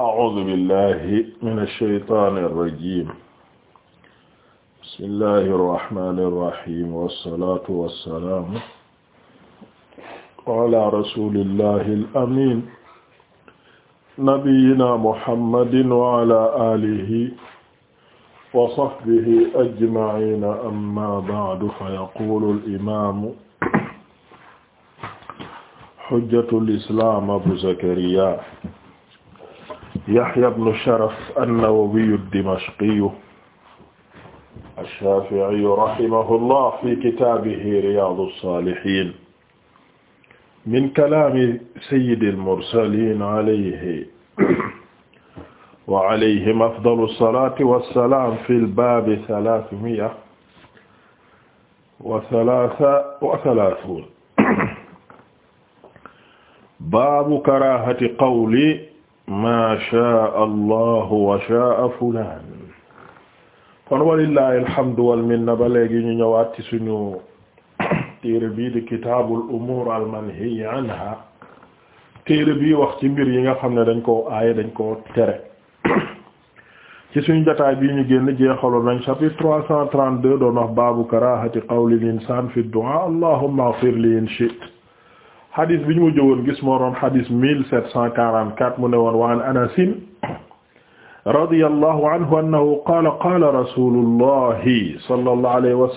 أعوذ بالله من الشيطان الرجيم بسم الله الرحمن الرحيم والصلاة والسلام على رسول الله الأمين نبينا محمد وعلى آله وصحبه أجمعين أما بعد فيقول الإمام حجة الإسلام أبو زكريا Yahya ibn Sharaf an-Nawawi ad-Dimashqi ash-Shafi'i rahimahullah fi kitaabihi Riyaadu s-Saalihiin min kalaami sayyidi al-mursaliin alayhi wa alayhim afdalu s-salaati wa s-salaam fil baabi salaasumi'a wa salaasa wa salaasuun baabu karaahati qawli maa shaa allahu wa shaa fulaan kon walillahi alhamdu wal minna ba léegi ñu ñëwaat ci suñu téere bii di kitaabul umuur al manhiyi anha téere bii wax ci mbir yi nga xam ne dañ ko aaye dañ ko tere ci suñu jotaay bii ñu génn jeexaloon nañ chapitre trois cent trente-deux doon wax baabu karaahati qawli al insaan fi du'aa allahumma ighfir li in shi'ta xadis bi ñu mujj woon gis moo doon xadis quarante quatre mu ne woon wa an Anas radiyallahu anhu annahu qaala qaala rasulullahi sallallahu alayhi wa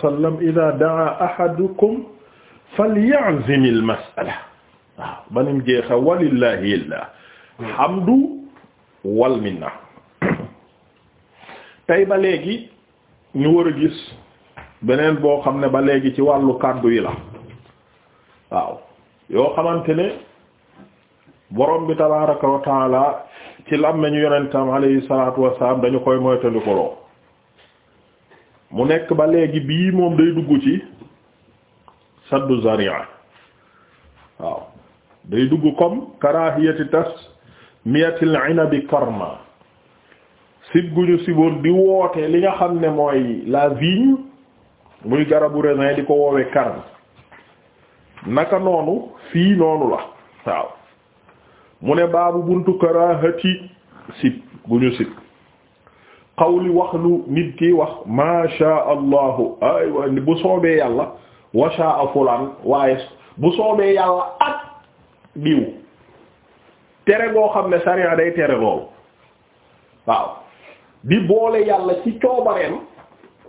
falya'zim al-mas'ala waaw banim jeexa walillahi alhamdu wal minna tey beneen boo ne ba léegi ci wàllu kàddu yi la yoo xamante ne borom bi tabaraka wa taala ci ñu yonentam alayhi salaatu wasalaam dañu koy moytandikuloo mu nekk ba léegi bii moom day dugg ci saddu zari'a waaw day dugg comme karahiyati tas miyatil inabi karma sib guñu siboon di woote li nga xam ne mooy la vigne muy garabu raisin di ko woowe karma naka noonu fii noonu la waaw mu ne baabu buntu karahati sib gu ñu sib xawli wax lu nit ki wax ma sha allahu aywa bu soobee yàlla wa shaa waaye bu soobee yàlla ak diw tere goo xam ne sariya day tere loolu waaw di boole yàlla ci coobareem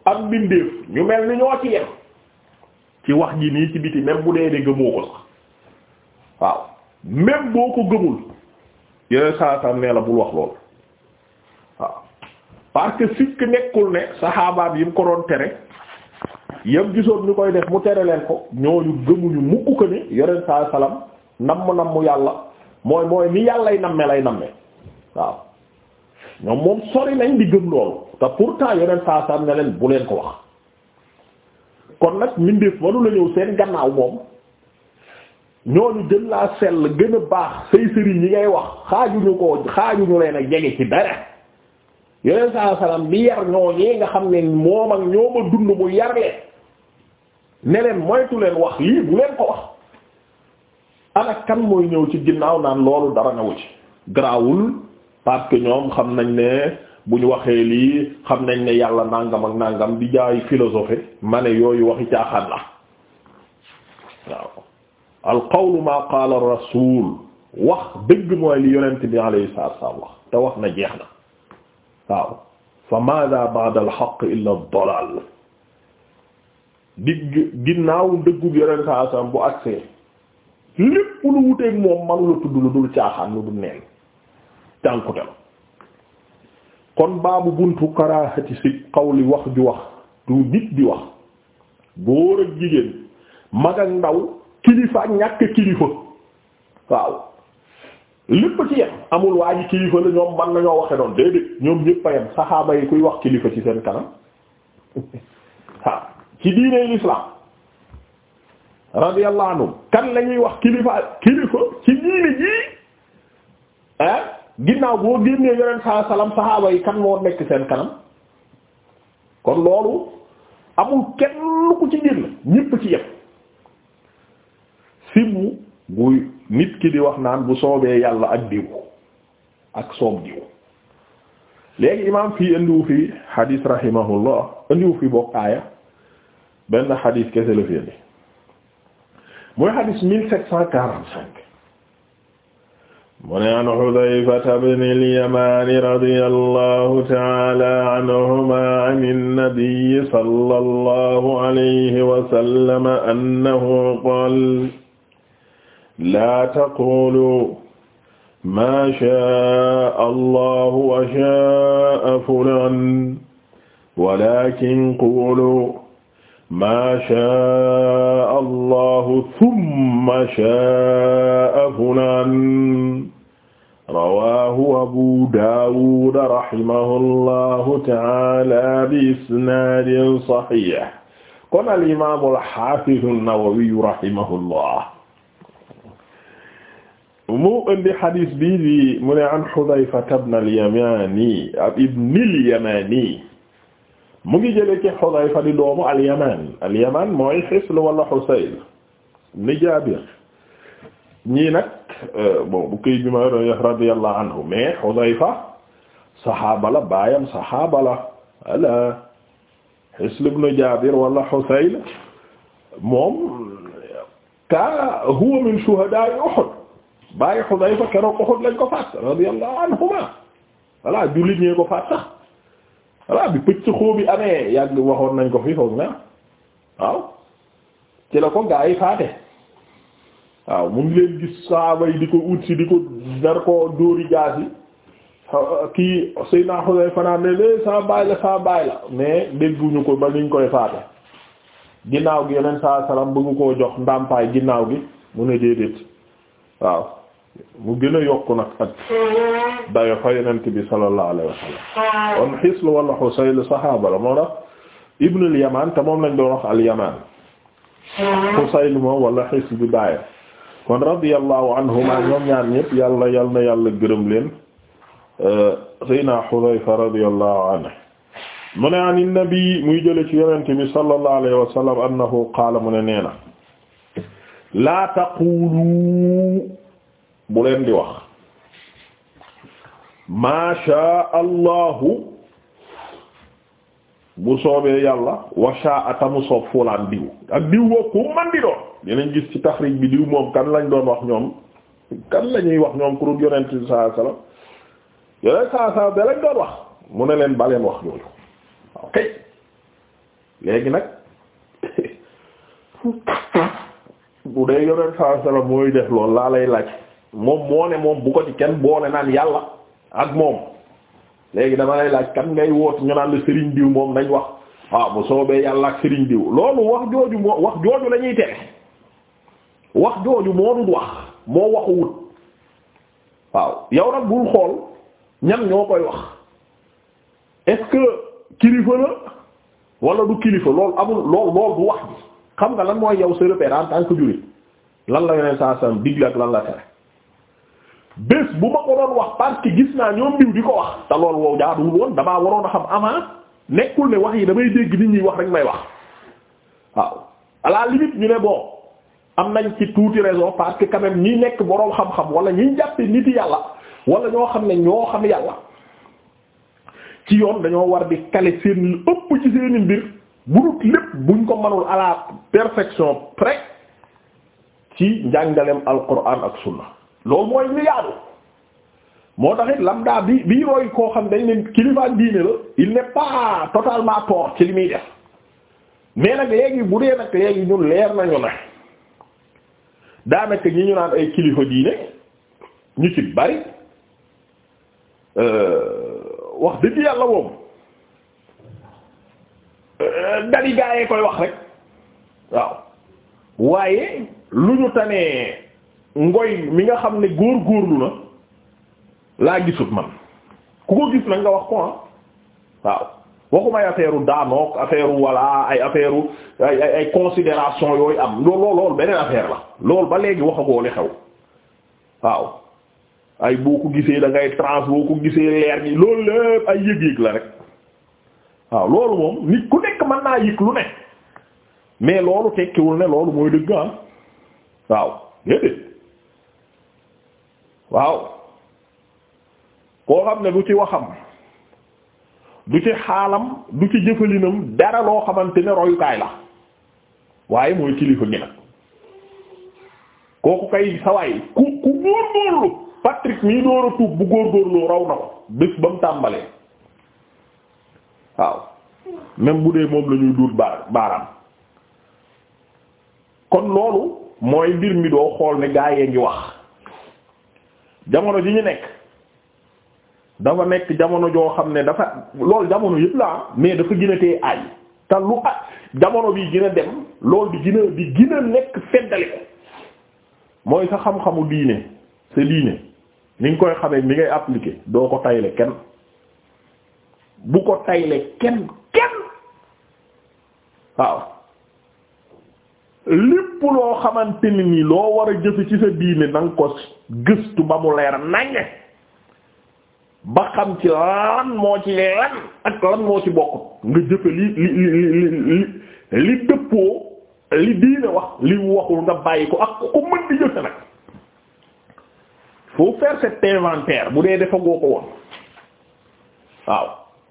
ak mbindeef ñu mel ni ñoo ci yem ci wax ji nii ci biti bu dee de gëmoo ko sax waaw même boo ko gëmul yeneen saasam nee la bul wax lool waaw parce que sikk nekkul ne saxaabaam yi mu ko doon tere yam gisoon ñu koy def mu tere leen ko ñooñu gëmuñu mukk ko ni yeneen saa salam namm namm yàlla mooy mooy ni yàllay namme lay namme waaw ñoom moom sori nañ di gëm loolu te pourtant yeneen saa salam ne leen bu leen ko wax kon nag mbindeef manu la ñëw seen gannaaw moom ñooñu gën laa sell gën a baax say sëriñ yi ngay wax xaajuñu ko xaajuñu leen ak jege ci dara yeneen saa salaam bi yar ñooñee nga xam ne moom ak ñoom dund mu yar leen ne wax lii bu leen ko wax ana kan mooy ñëw ci ginnaaw naan loolu dara newu ci garaawul parce que ñoom xam nañ ne bu ñu waxee lii xam nañ ne yàlla nangam ak nangam di jaay philosophie ma ne yooyu waxi caaxaan la waaw al qawlu maa qaala wax dëgg mooy li yonent bi alayhi salaatu wasallam wax te wax na jeex na waaw fa maada ba'da al haqq illa ad digg ginnaaw dëggub yonent saa bu agsee lépp lu wuteeg moom man tudd lu dul caaxaan lu dul neen tànkute kon baabu buntu karaahati ci xawli wax ju wax du nit di wax góor ak jigéen mag ak ndaw kilifa ak ñàkk kilifa waaw lépp ci yem amul waa ji kilifa la ñoom man nañoo waxe noonu déedéet ñoom ñépp a yem saxaaba yi kuy wax kilifa ci seen kanam waaw ci diiney l'islam radiyallahu anhu kan lañuy wax kilifa kilifa ci diine ji ginnaaw boo génnee yonent saa salaam saxaaba yi kan moo nekk seen kanam kon loolu amul kenn ku ci génn ñépp ci yépp simu guy nit ki di wax naan bu soobee yàlla ak diw ak soob diw léegi imaam fii indiwu fi hadis rahimahullah indiwu fi bokk benn hadis kese la fi indi mooy hadis mille sept cent quarante cinq mu ne an Xudayfata bni al-Yamaani radiyallahu ta'aala anhumaa an an-nabiyyi sallallahu alayhi wa sallam annahu qaala laa taqulu maa shaa'a Allahu wa shaa'a fulaan walaakin qulu maa shaa allahu thumma shaa fulaan rawaahu abu daawud rahimahu llahu ta'aala bi isnaadin sahiih kon al imaamul haafizu nawawi rahimahu llah mu indi hadiis bii di mu ne an hudayfata bnal yamaani ab ibnil yamaani mu ngi jëlee ci Xudayfa di doomu al-Yaman al-Yaman mooy Hisl wala Husayl ni Jaabir ñii nag euh, bon bu këy bi baayam saxaaba la ala Hisl ibn Jaabir wala Husayl moom ka huwa min shuhadaa Uhud bàyyi Xudayfa keroog Uhud lañ ko faat radiyallahu anhuma voilà jullit ñee ko faat sax voilà bi pëcc xóob bi amee yàgg waxoon nañ ko fi foog na waaw ci la ko gaa yi faate waaw mu ngi leen gis saaba yi di ko ut si di ko dar ko dóori jaas yi kii Seydina Xuzayfa naan ne lé saa baay la saa baay la mais dégguñu ko ba niñ koy faate ginnaaw gi yeneen saa salaam bëggu koo jox ndàmpaay ginnaaw gi mu ne déedéet waaw mu gën a yokk nag ak dayo fa yonent bi sallallahu alayhi wa sallam kon wala Husayl saxaaba la moo tax Ibn al-Yamaan te moom lañ doon wax al-Yamaan Husayl moom wala Hisl bi bàyyi kon radiyallahu anhuma ñoom ñaar ñëpp yàlla yàlla na yàlla gërëm leen euh, Seydina Hudayfa radiyallahu anhu mu ne an nabi muy jële ci yonent bi sallallahu alayhi wa sallam annahu mu ne nee na taqulu bu leen di wax maasha allahu bu soobee yàlla washa atamu soob fulaan diw ak diw boo ku man di doon dinañ gis ci taxriij bi diw moom kan lañ doon wax ñoom kan lañuy wax ñoom ku dul yonent saa salaam yonent saa salaam da doon wax mu ne leen baleen wax yooyu waaw kay léegi nag bu dee yonent saa salaam mooy def loolu laa lay laaj moom moo ne moom bu ko ci kenn boole naan yàlla ak moom léegi dama lay laaj kan ngay woot ñu naan la sëriñ diw moom nañ wax waaw bu soobee yàlla ak sëriñ diw loolu wax jooju moo wax jooju lañuy ñuy tere wax jooju moo dul wax moo waxuwut waaw yow nag bul xool ñan ñoo koy wax est-ce que kilifa la wala du kilifa loolu amul lool lool du wax bi xam nga lan mooy yow sa repère en tant que jullit lan la yoneen saa sam digle ak lan la tere bés bu ma ko doon wax park gis naa ñoom diw di ko wax te loolu wow woon damaa waroon a xam avant nekkul ne wax yi damay dégg nit ñi wax rek may wax waaw à la ñu ne bon am nañ ci tuuti raison parce que quand ñi nekk boroom xam-xam wala ñi jàppe nit yàlla wala ñoo xam ne ñoo xam yàlla ci yoon dañoo war di kale seen lu ëpp ci seeni mbir bu dul lépp buñ ko manul à la perfection près ci njàngaleem alquran ak sunna loolu mooy li yaadu moo taxit lambda bi bii roy koo xam dañ ne kilifa diine la il n'est pas totalement tort ci li muy def mais nag léegi bu dee leer nañu ne daanaka ñi ñu naan ay kilifa diine ñu ci bari euh, wax dëgg yàlla moom euh, dali gaayee koy wax rek waaw waaye lu ñu tanee ngoy mi nga xam ne góor góorlu na laa gisut man ku ko gis nag nga wax ko ah. waaw waxumay affaire daanook affaire walla ay affaire ay ay considération yooyu am lool lool beneen affaire la loolu ba léegi waxagoo li xew waaw ay boo ko gisee da ngay boo ko gisee leer gi loolu lépp ay yëg-yëg la rek waaw loolu moom nit ku nekk mën naa yëg lu ne mais loolu tekkiwul ne loolu mooy dëgg ah waaw déedéet waaw koo xam ne du ci waxam du ci xaalam du ci jëfalinam dara loo xamante ne royukaay la waaye mooy kilifa gi nag kooku kay sawaay ku ku góorgóorlu Patrick mii door a tuub bu góorgóorlu raw na ko bés ba mu tàmbalee waaw même bu dee moom la ñuy duut baar kon loolu mooy mbir mi doo xool ne gaa yee ngi wax jamono ji ñu nekk dafa nekk jamono joo xam ne dafa loolu jamono yëpp la mais dafa gina a tee ay te lu at jamono bi gina dem loolu di gën di gën a nekk feddali ko mooy sa xam-xamu diine sa diine ni nga koy xamee ni ngay appliquer doo ko tayle kenn bu ko tayle kenn kenn waaw lépp loo xamante ni nii loo war a jëfe ci sa diine na nga ko gëstu ba mu leer naññe ba xam ci lan moo ci lan ak lan moo ci bokkut nga jëfe li li li li li dëppoo li diine wax li waxul nga bàyyi ko ak ko mën di jëfe nag faut faire cet inventaire bu dee dafa goo ko woon waaw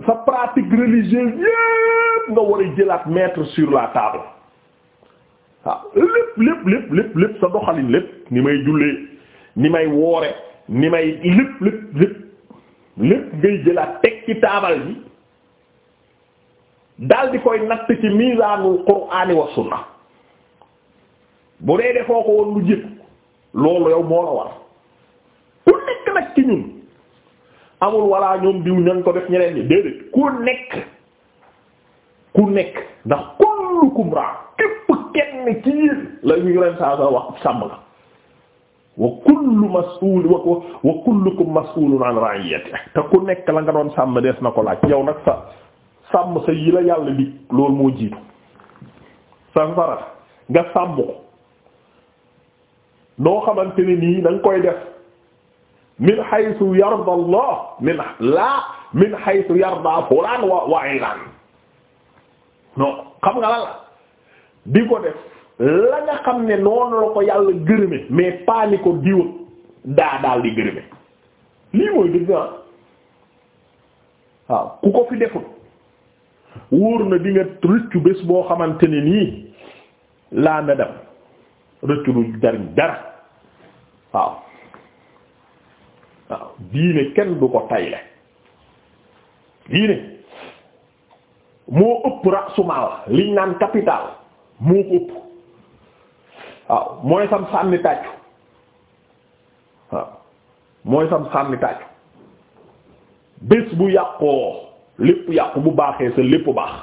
sa pratique religieuse yépp nga war a jëlaat mettre sur la table waaw lépp lépp lépp lépp lépp ni may jullee ni may woore ni may lépp lépp lépp lépp ngay jëlaat teg ci taabal bi daal di koy natt ci miisaanul qur'aani wa sunna bu dee defoo ko woon lu jëkk loolu yow moo la war ku nekk nag ci ñun amul walla ñoom diw ñan ko def ñeneen ñi déedéet ku nekk ku nekk ndax kullukum ra képp kenn ci yéen la ñu leen saa wax sàmm la wa kullu mas'ul wa wa kullukum mas'ulun an ra'iyatihi te ku nekk la nga doon sàmm des na ko laaj yow nag sa sàmm sa yi la yàlla di loolu moo jiitu sa nga sàmm ko noo xamante ne nii da koy def min haythu yarda Allah min la min haythu yarda fulaan wa wa ilaan non xam nga la di ko def la nga xam ne noonu la ko yàlla gërëme mais pas ni ko diw daa daal di gërëme lii mooy dëgg ah. waaw ku ko fi deful wóor na di rëccu bés boo xamante ne nii laa na dem rëccu du jariñ dara waaw waaw diine kenn du ko tayle diine moo ëpp rasumaal liñ naan capital moo ko ëpp waaw mooy sam sànni tàccu waaw mooy sam sànni tàccu bés bu yàqoo lépp yàqu bu baaxee sa lépp baax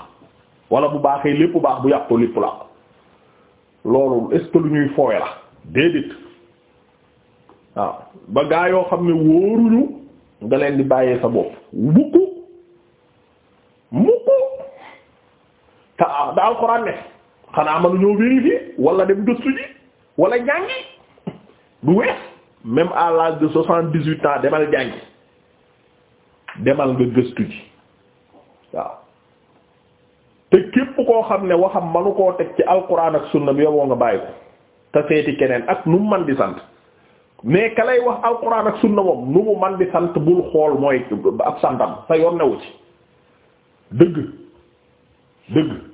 wala bu baaxee lépp baax bu yàqoo lépp làqu loolu est lu ñuy foowe la déedéet waaw ba gaa yoo xam ne wóoruñu nga leen di bàyyee sa bopp mukk mukk te ah da alxuraan ne xanaa manu ñoo vérifier wala dem gëstu ji wala jàngi du wees même à l'âge de soixante-dix-huit ans demal jàngi demal nga gëstu ji waaw te képp koo xam ne waxam manu koo teg ci alquran ak sunna bi yow nga bàyyi ko te seeti keneen ak nu mu man di sant mais ka lay wax alquran ak sunna moom nu mu man di sant bul xool mooy ab santam sa yoon newu ci dëgg dëgg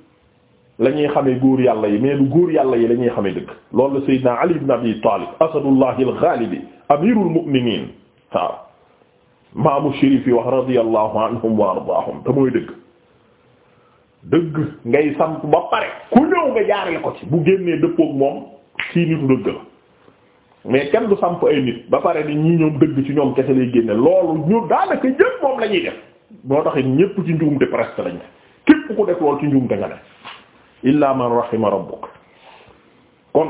la ñuy xamee góor yàlla yi mais du góor yàlla yi la ñuy xamee dëgg loolu la Seydina Ali ibn Abi Talib asadullahi al-ghalib amirul mu'minin maamu shérif yi wax radiyallahu anhum wa ardaahum te mooy dëgg dëgg ngay samp ba pare ku ñëw nga jaarale ko ci bu génnee dëppook moom ci nitu dëgg la mais kenn du samp ay nit ba pare ni ñi ñoom dëgg ci ñoom kese lay génne loolu ñu daanaka jëpp moom la ñuy def moo tax ñépp ci njuumte illa man rahima rabbuk kon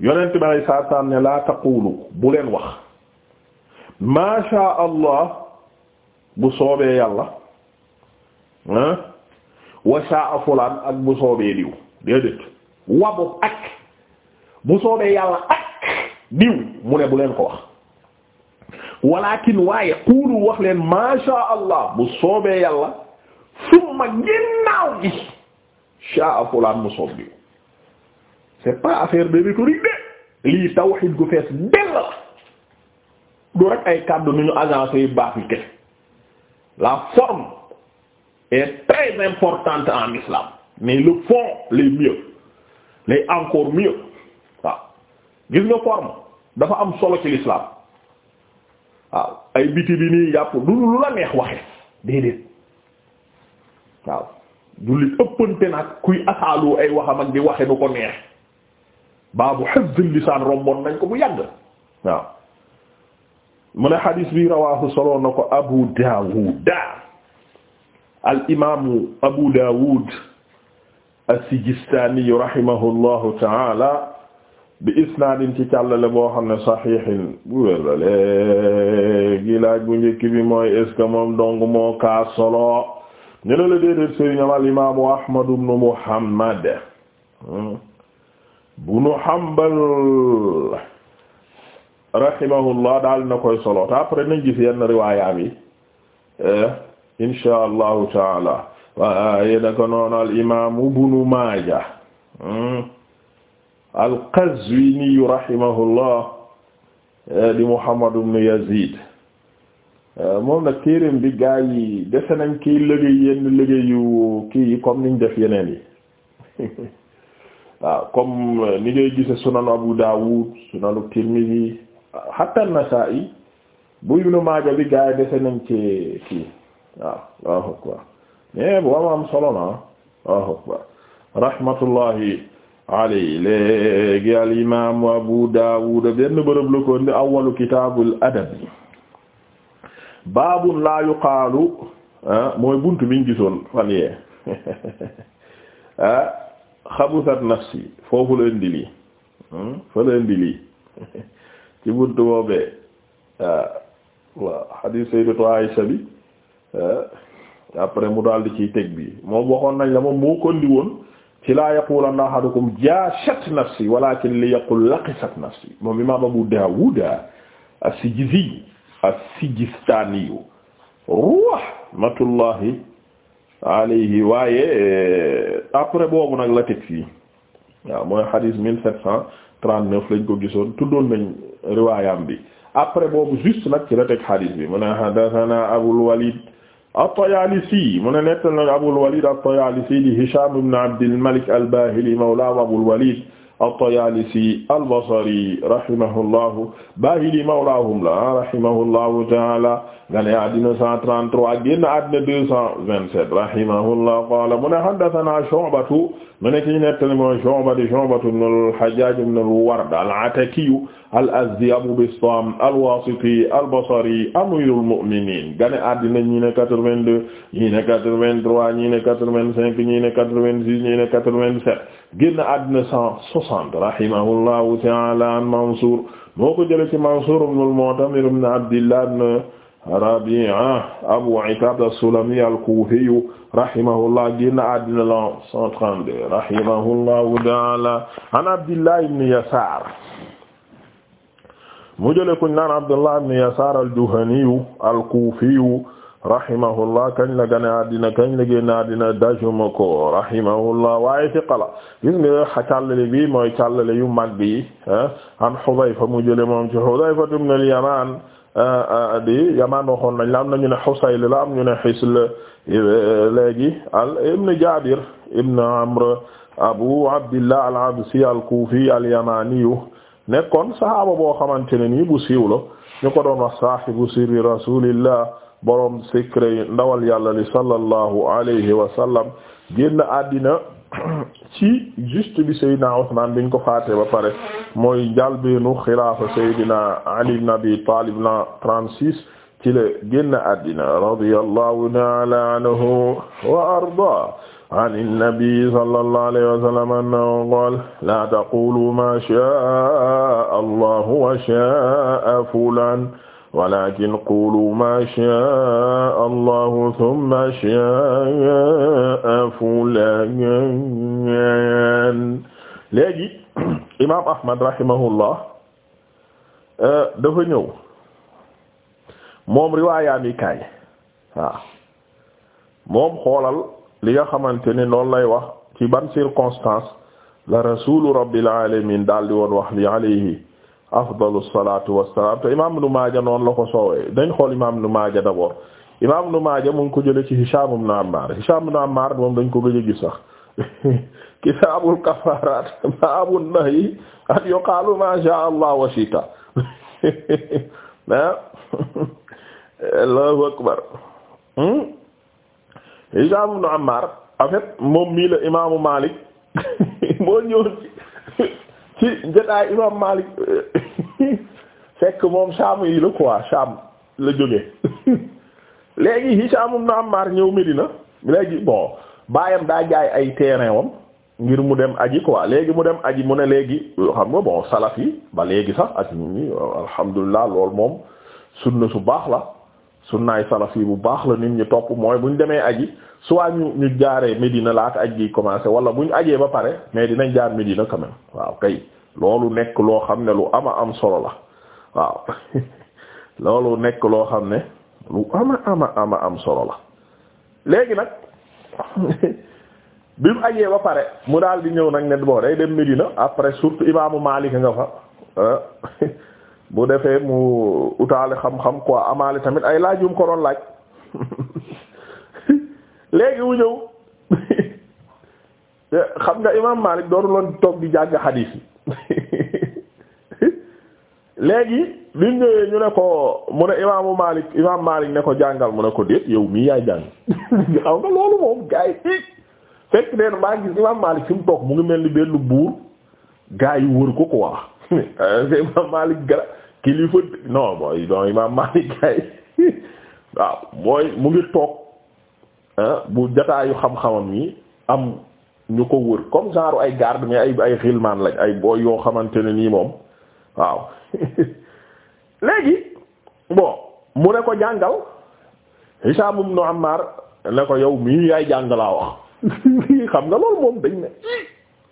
yonent bi alay saa salaam ne laa taqulu bu leen wax ma sha allah bu soobee yàlla ah wa shaa fulaan ak bu soobee diw déedéet wabu ak bu soobee yàlla ak diw mu ne bu leen ko wax walakin waaye quulu wax leen ma sha allah bu soobee yàlla summa ginnaaw gi shaa fulaan mu soob diw c'est pas affaire de rhétorique de lii tawhid gu fees benn du rek ay kàddu nu ñu agence yu baax yi kese la forme est très importante en islam mais le fond les mieux les encore mieux waaw gis nga forme dafa am solo ci l'islam waaw ay biti bi nii yàpp du lu la neex waxe déedéet waaw jullit ëppante nag kuy asaalu ay waxam ak di waxe nu ko neex baabu hifzil lisaan romboon nañ ko bu yàgg waaw mu ne xadiis bi rawaahu solo na ko Abu Daawud al imaamu Abu Daawud as-Sijistaani rahimahullahu ta'ala bi isnaadin ci càllale boo xam ne saxiixin bu wér la léegi laaj bu njëkk bi mooy est-ce dong moo kaa solo ñu ne la déedéet sëriñam al imaamu ahmadu bnu muhammad hmm, bunu hanbal rahimahullah daal na koy solo te après nañ gis yenn riwaayaam yi eh, insha allahu taala waaye naka noonu al imaamu bunu maaja hmm, al qazwini rahimahullah eh, di muhammad bnu yazid Euh, moom nag téereem bi gaa yi dese nañ kiy liggéey yenn liggéeyu kii yi comme niñ def yeneen yi waaw comme euh, ni ngay gise sunanu Abu Dawud sunanu Tirmidhi hatta yi bu Ibnu Maaja bi gaa yi dese nañ ci kii waaw waaw quoi mais bu am am solo na waaw quoi rahmatullahi alayhi léegi al imaamu Abu Dawud benn bërëb la ko ndi awwalu kitaabul adab baabun laa yuqaalu ah, mooy bunt biñ gisoon fan yee ah, xabusat nafsi foofu la indi lii hmm? fa la indi ci bunt boobee ah, waaw xadiis sayyidatu Aysa bi après mu daal di ci teg bi moom waxoon nañ la moom moo ko indi woon ci laa yaqulanna ahadukum jaashat nafsi walakin li yaqul laqisat nafsi moom imaam Abu Daawuda as-Sijizi as-Sijistaaniyu rahmatullahi alayhi waaye après boobu nag la teg fii waaw mooy xadis mille sept cent trente-neuf lañ ko gisoon tudoon nañ riwaayam bi après boobu juste nag ci la teg xadis bi mu ne haddasanaa Abul Walid at-Tayaalisi ne nettal nañ Abul Walid at-Tayaalisi di Hishaam ibn Abdil al-Baahili mawlaa Abul Walid at-Tayaalisi al-Basri rahimahullahu Baahili mawlaahum la rahimahullahu ta'aala gane àddina 133 génn àddina 227 rahimahullahu qaala mu ne haddathanaa Shu'batu mu nekk ñu nettali mooy Shu'ba di Shu'ba ibn al-Hajjaj ibn al-Ward al-Ataki al-Azdi Abu Bistam al-Wasiti al-Basri amirul mu'minin gane àddina ñi ne 82 ñi ne 83 ñi ne 85 ñi ne 86 ñi ne 87 génn àddina 160 rahimahullahu Mansur moo ko jële ci Mansur ibn al-Mu'tamir ibn Abdillah Rabi'a Abu Ikab as-Sulami al-Kufi rahimahullah génn àddina la 132 rahimahullahu ta'ala an Abdillah ibn Yasar mu jële kuñ naan Abdullah ibn Yasar al-Juhani al-Kufi rahimahullah kañ la gane àddina kañ la génn àddina dajuma ko rahimahullah waaye fi qala gis nga càllale bi mooy càllale yu mag bi ah, an Hudayfa mu jële moom ci Hudayfa ibn al-Yaman Euh, euh, di yamaan waxoon am nañu ne Husayl la am ñu ne Hisl euh, léegi al ibn Jabir ibn Amr Abu Abdillah al-Absi al al-Yamani nekkoon saxaaba boo xamante ne nii bu siiw la ñu ko doon wax saahibu borom secret ndawal yàlla li sallallahu alayhi wa sallam génn ci juste bi Seydina Usmaan biñ ko faate ba pare mooy njàlbeenu xilaafa Seydina Ali ibn Abi Talib la trente-six ci la génn àddina radiyallahu ta'ala anhu wa arda an an-nabi sallallahu alayhi wa sallam annahu qala la taqulu ma sha'a Allahu wa sha'a fulan walakin qulu ma sha'a allahu thumma sha'a fulan léegi imaam ahmad rahimahullah euh, dafa ñëw moom riwaayaa mi kaay waaw moom xoolal li nga xamante ne noonu lay wax ci ban circonstance la rasulu rabbil alamin daal di woon wax li alayhi afdalu salatu wassalam te imam Ibn Maaja noonu la ko soowee dañ xool imam Ibn Maaja d'abord imam Ibn Maaja mu ngi ko jële ci Hisham ibn Ammar Hisham ibn Ammar moom dañ ko gëj a gis sax kitaabul kafaaraat baabun nahyi an yuqaalu ma sha Allah wa shita ah Allahu akbar hmm? Hisham ibn Ammar en fait moom mii la imaamu Malik moo ñëwoon ci jotaay imam Malik fekk moom Sham yi la quoi Sham la jóge léegi Hisham ibn Ammar ñëw Medina léegi bon baayam daa jaay ay terrain wam ngir mu dem aji quoi léegi mu dem aji mu ne léegi xam nga bon salaf yi ba léegi sax ak ñi alhamdulilah loolu moom sunna su baax la sunnaay salaf yi bu baax la nit ñi topp mooy buñ demee aji soit ñu ñu jaaree Médina laata aj gi commencé wala buñ ajee ba pare mais dinañ jaar Médina quand même waaw kay loolu nekk loo xam ne lu ama am solo la waaw nekk loo xam ne lu ama ama am solo la léegi nag bi mu ajee ba pare mu daal di ñëw nag ne boo day dem Médina après surtout imaamu Maalik nga fa ah, bu defee mu utaale xam-xam quoi amaale tamit ay laaj yu mu ko doon laaj léegi mu ñëw eh, xam nga imam Malik doonu loon toog gi jàng xadiis yi léegi liñ ñëwee ñu ne ko mu ne imaamu Malik imam Malik ne ko jàngal mu ne ko déet yow mii yaay jàng xaw nga loolu moom gaay yi fekk neen maa imam Malik fi mu toog mu ngi mel ni benn buur gaay c'est Imam Malik gara kilifa non mooy donc Imam Malik gay waaw mooy mu ngi toog bu jataayu xam-xamam yi am ñu ko wër comme genre ay garde mais ay xilmaan lañ ay booy yoo xamante ne nii moom waaw léegi bon mu ne ko jàngal Hisham ibn Ammar ne ko yow mii yaay jàngalaa wax xam nga loolu moom dañ ne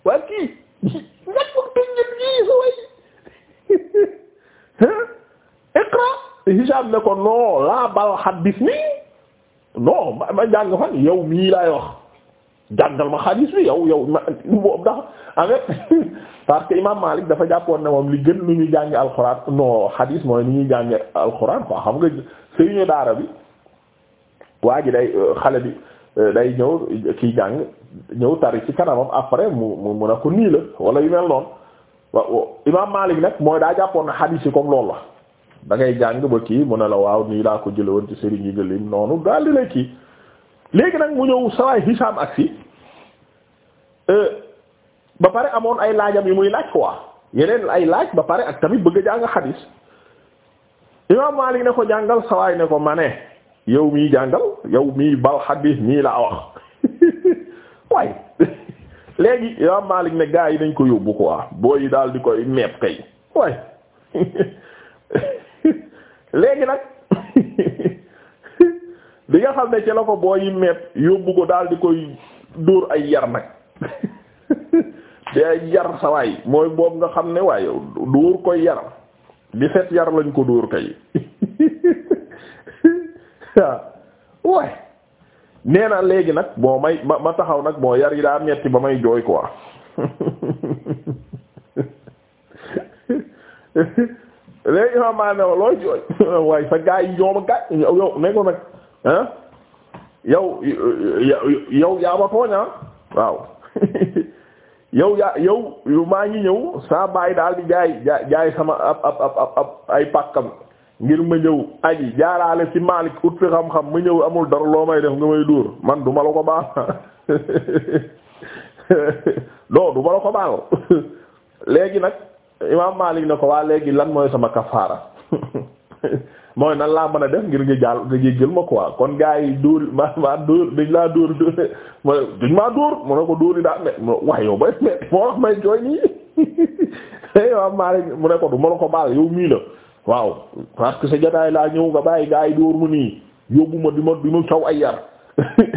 waa kii nag mu tëj ngeen ñii sa way iqra Hisham ne ko non laa bal xaddis nii non ma jàng fan yow mii laay wax jàngal ma xaddis bi yow yow boobu ndax avec parce dafa jàppoon ne moom li gën lu ñuy jàngi alxuraan non xaddis mooy ni xam nga sëriñu daara bi waa ji euh, xale bi euh, day ñëw kiy jàng tari ci kanamam après mu mu mun ko nii la wala yu mel noonu waaw Imaam Maalik nag mooy daa jàppoon na xadiis yi comme loolu la da ngay jàng ba kii mu a la waaw nii laa ko jëlee woon ci sëriñ yi jëlim noonu daal di lay léegi nag mu ñëw sawaay Hisaam ak si euh, ba pare amoon ay laajam yi muy laaj quoi yeneen ay laaj ba pare ak tamit bëgg a jàng xadiis Imaam Maalik ne ko jàngal sawaay ne ko ma yow mii jàngal yow mii bal xadiis nii laa wax. léegi yow Malik ne gaa yi dañ ko yóbbu ko boo yi daal di koy meeb kay waaye léegi nag li nga xam ne ci la ko boo yi meeb ko daal di koy dóor ay yar nag di ay yar sa waay mooy boobu nga xam ne waaye yow koy yar di set yar lañ ko dóor kay waaw nee na léegi nag bon may ma ma taxaw nag bon yar yi daa metti ba may jooy quoi léegi ma maa ne looy jooy waaye sa gaa yi ñooma gaa yow yow ne ko nag ah yow yow yaa ma tooña waaw yow yaa yow maa ngi ñëw saa baay daal di jaay jaay sama ab ab ab ab ay pàkkam ngir ma ñëw aji jaaraale ci Maalik ut fi xam-xam ma ñëw amul dara loo may def nga may dóor man du ma la ko baal non du ma la ko baal léegi nag imaam Maalik ne ko waa léegi lan mooy sama kafaara mooy nan laa mën a def ngir nga jaal nga jéggal ma quoi kon gaa yi dóor ma ma dóor dañ laa dóor duñ maa dóor mu ne ko dóori daa mais wax yow ba mais moo wax may jooy nii imaam Maalik mu ne ko du ma la ko baal yow mii la waaw parce que sa jotaay laa ñëw nga bàyyi gaa yi dóor mu nii yóbbu ma di ma di ma caw ay yar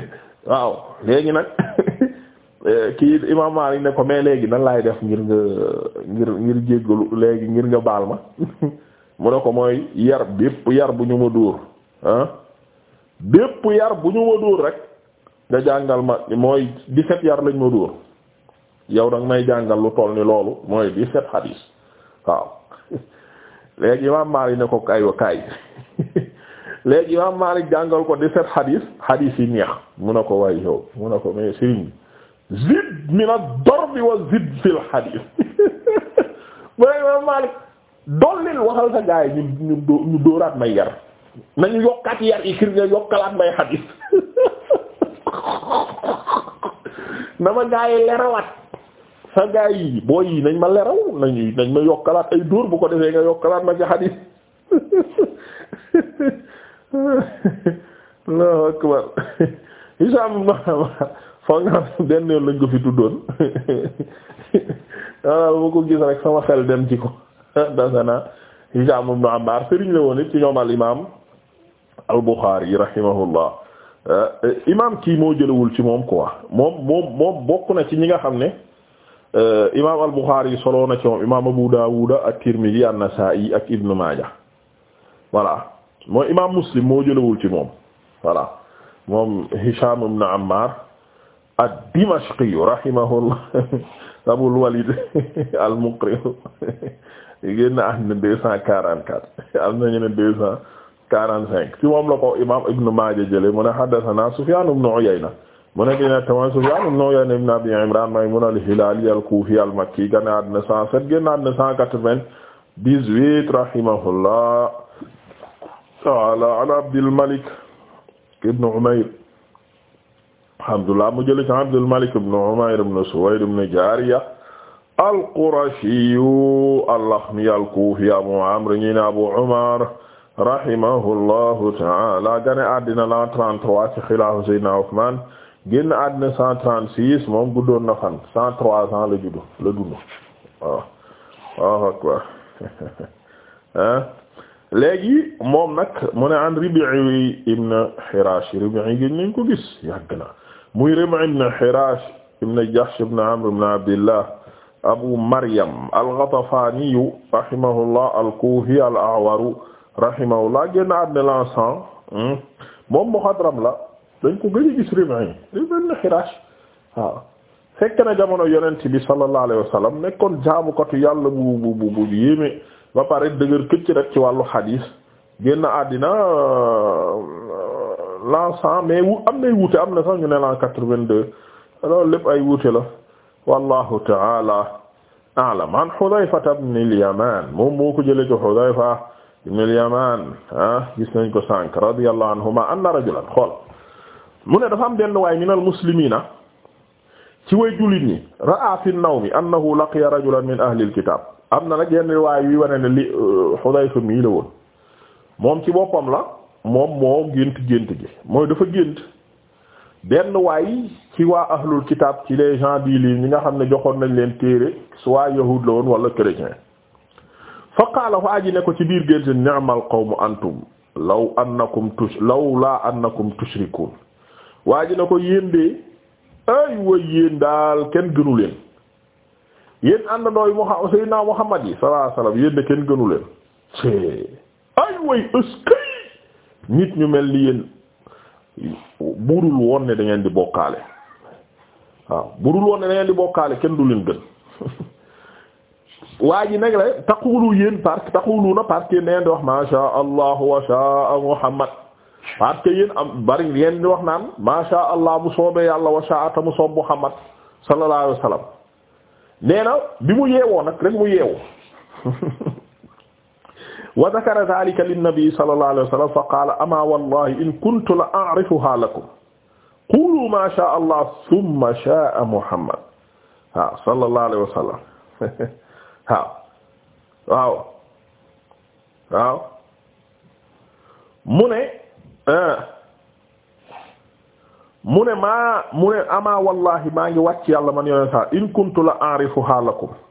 waaw léegi nag kii Imaam yi ne ko mais léegi nan laay def ngir nga ngir ngir jéggalu léegi ngir nga baal ma mu ne ko mooy yar bépp yar bu ñu ma dóor ah bépp yar bu ñu ma dóor rek nga jàngal ma mooy dix-sept yar lañ ma dóor yow danga may jàngal lu toll ni loolu mooy dix-sept xadiis waaw léegi imaam yi ne ko kay wa kay léegi imaam yi jàngal ko di set xadiis xadiis yi neex mu ne ko way yow mu ne ko mais sëriñ zid min ad-darb wa zid fil xadiis mu ne imaam Maalik dollil waxal sa gaay ñu ñu ñu dóoraat may yar nañu yokkaat yar yi kir nga yokkalaat may xadiis na ma gaay lerawaat sa gaay yi boo yi nañ ma leraw nañu nañ ma yokkalaat ay dóor bu ko defee nga yokkalaat ma ci xadiis Allahu akbar Hisaam foog naa benn yoon lañ ko fi tuddoon daal sama xel dem ci ko dafa naa Hisaam ibn sëriñ la woon it ci ñoom al imaam al Buxaari rahimahullah eh, eh, imaam kii moo jëlawul ci moom quoi moom moom moom bokk na ci ñi nga xam ne Euh, imaam al-Bukhari solo na ci moom imaam Abu Dawud at-Tirmidhi an-Nasa'i ak Ibn Majah voilà mooy imaam Muslim moo jëlawul ci moom voilà moom Hisham ibn Ammar ad-Dimashqi rahimahullah Abul Walid al-Muqri génn àddina deux cent quarante quatre am nañu ne deux cent quarante cinq moom la imaam Ibn Majah jële mu ne haddathana Sufyan ibn Uyayna mu nekk dina taman Sufyaan ibn Uyayna ibn Abi Imraan Maymuun al-Hilaali al-Kuufi al-Makki gane àddina 107 génn àddina 198 rahimahullah ta'aala an Abdul Malik ibn Umayr alhamdulillah mu jële ci Abdul Malik ibn Umayr ibn Suwayd ibn Jaariya al-Qurashi al-Laxmi al-Kuufi Abu Amr ñi ne Abu Umar rahimahullahu ta'aala gane àddina la 33 ci xilaafu Sayyidina Usmaan génn àddina cent trente six moom guddoon fan cent trois ans la juddu la dund waaw waaw quoi ah moom nag mu ne an Rib'i ibn Hirash Rib'i gén nañ ko gis yàgg muy Rib'i ibn Hirash ibn Jahsh ibn Amr ibn Abdillah Abu Maryam al-Ghatafani rahimahullah al-Kufi al-A'war rahimahullah génn àddina la hmm? moom muxadram la dañ ko gëj a gis Rib'i Rib'i ibn Xiraas waaw fekk na jamono yonent bi sallallahu alayhi wa sallam nekkoon jaamukatu yàlla bu bu bu bu yéeme ba pare dëgër këcc rek ci wàllu xadiis génn àddina euh, l'an cent mais wu am nay wuute am na sax ñu ne l'an quatre-vingt-deux loolu lépp ay wuute la wallahu ta'ala a'lam an Hudhayfa ibn al-Yaman moom moo ko jëlee ci Hudhayfa ibn al-Yaman ah gis nañ ko sànq radiyallahu anhuma anna rajulan xool mu ne dafa am benn waay minal muslimiina ci way jullit ñi ra'a fi an-nawmi annahu laqiya rajulan min ahli al-kitaab am na nag yenn waay yu wane ne li Xudayfa euh, mii la woon moom ci boppam la moom moo gént gént gi mooy dafa gént benn waay ci waa ahlul kitaab ci les gens du livre ñi nga xam ne joxoon nañ leen téere soit yahud la woon wala chrétien fa qaala waa ji ne ko ci biir gént ni'mal qawmu antum law annakum tush law laa annakum tushrikun waa ji na ko yéen de ay way yéen daal kenn gënu leen yéen àndandooy Muhammad Seydina Muhammad yi sallallahu alayhi yéen de kenn gënu leen ay way ëskay nit ñu mel ni yéen budul woon ne da ngeen di bokkaale waaw budul woon ne da ngeen di bokkaale kenn du leen gën waa ji nag la taqulu yéen parce taqulu na parce que neen di wax ma sha Allah wa sha Muhammad parce que yéen am bari yéen di wax naan ma sha allah bu soobee yàlla wa sha'ata mu soob muhammad sallallahu alayhi wa sallam nee na bi mu yeewoo nag rek mu yeewu wa dhakara dhalika linnabi sallallahu alayhi wa sallam fa qaala ama wallahi in kuntu la a'rifuha lakum qulu ma sha allah thumma sha'a muhammad waaw sallallahu alayhi wa sallam waaw waaw waaw mu ne Eh. mu ne maa mu ne amaa wallahi maa ngi wàcc yàlla man yoneen sa in kuntu la arifu haalakum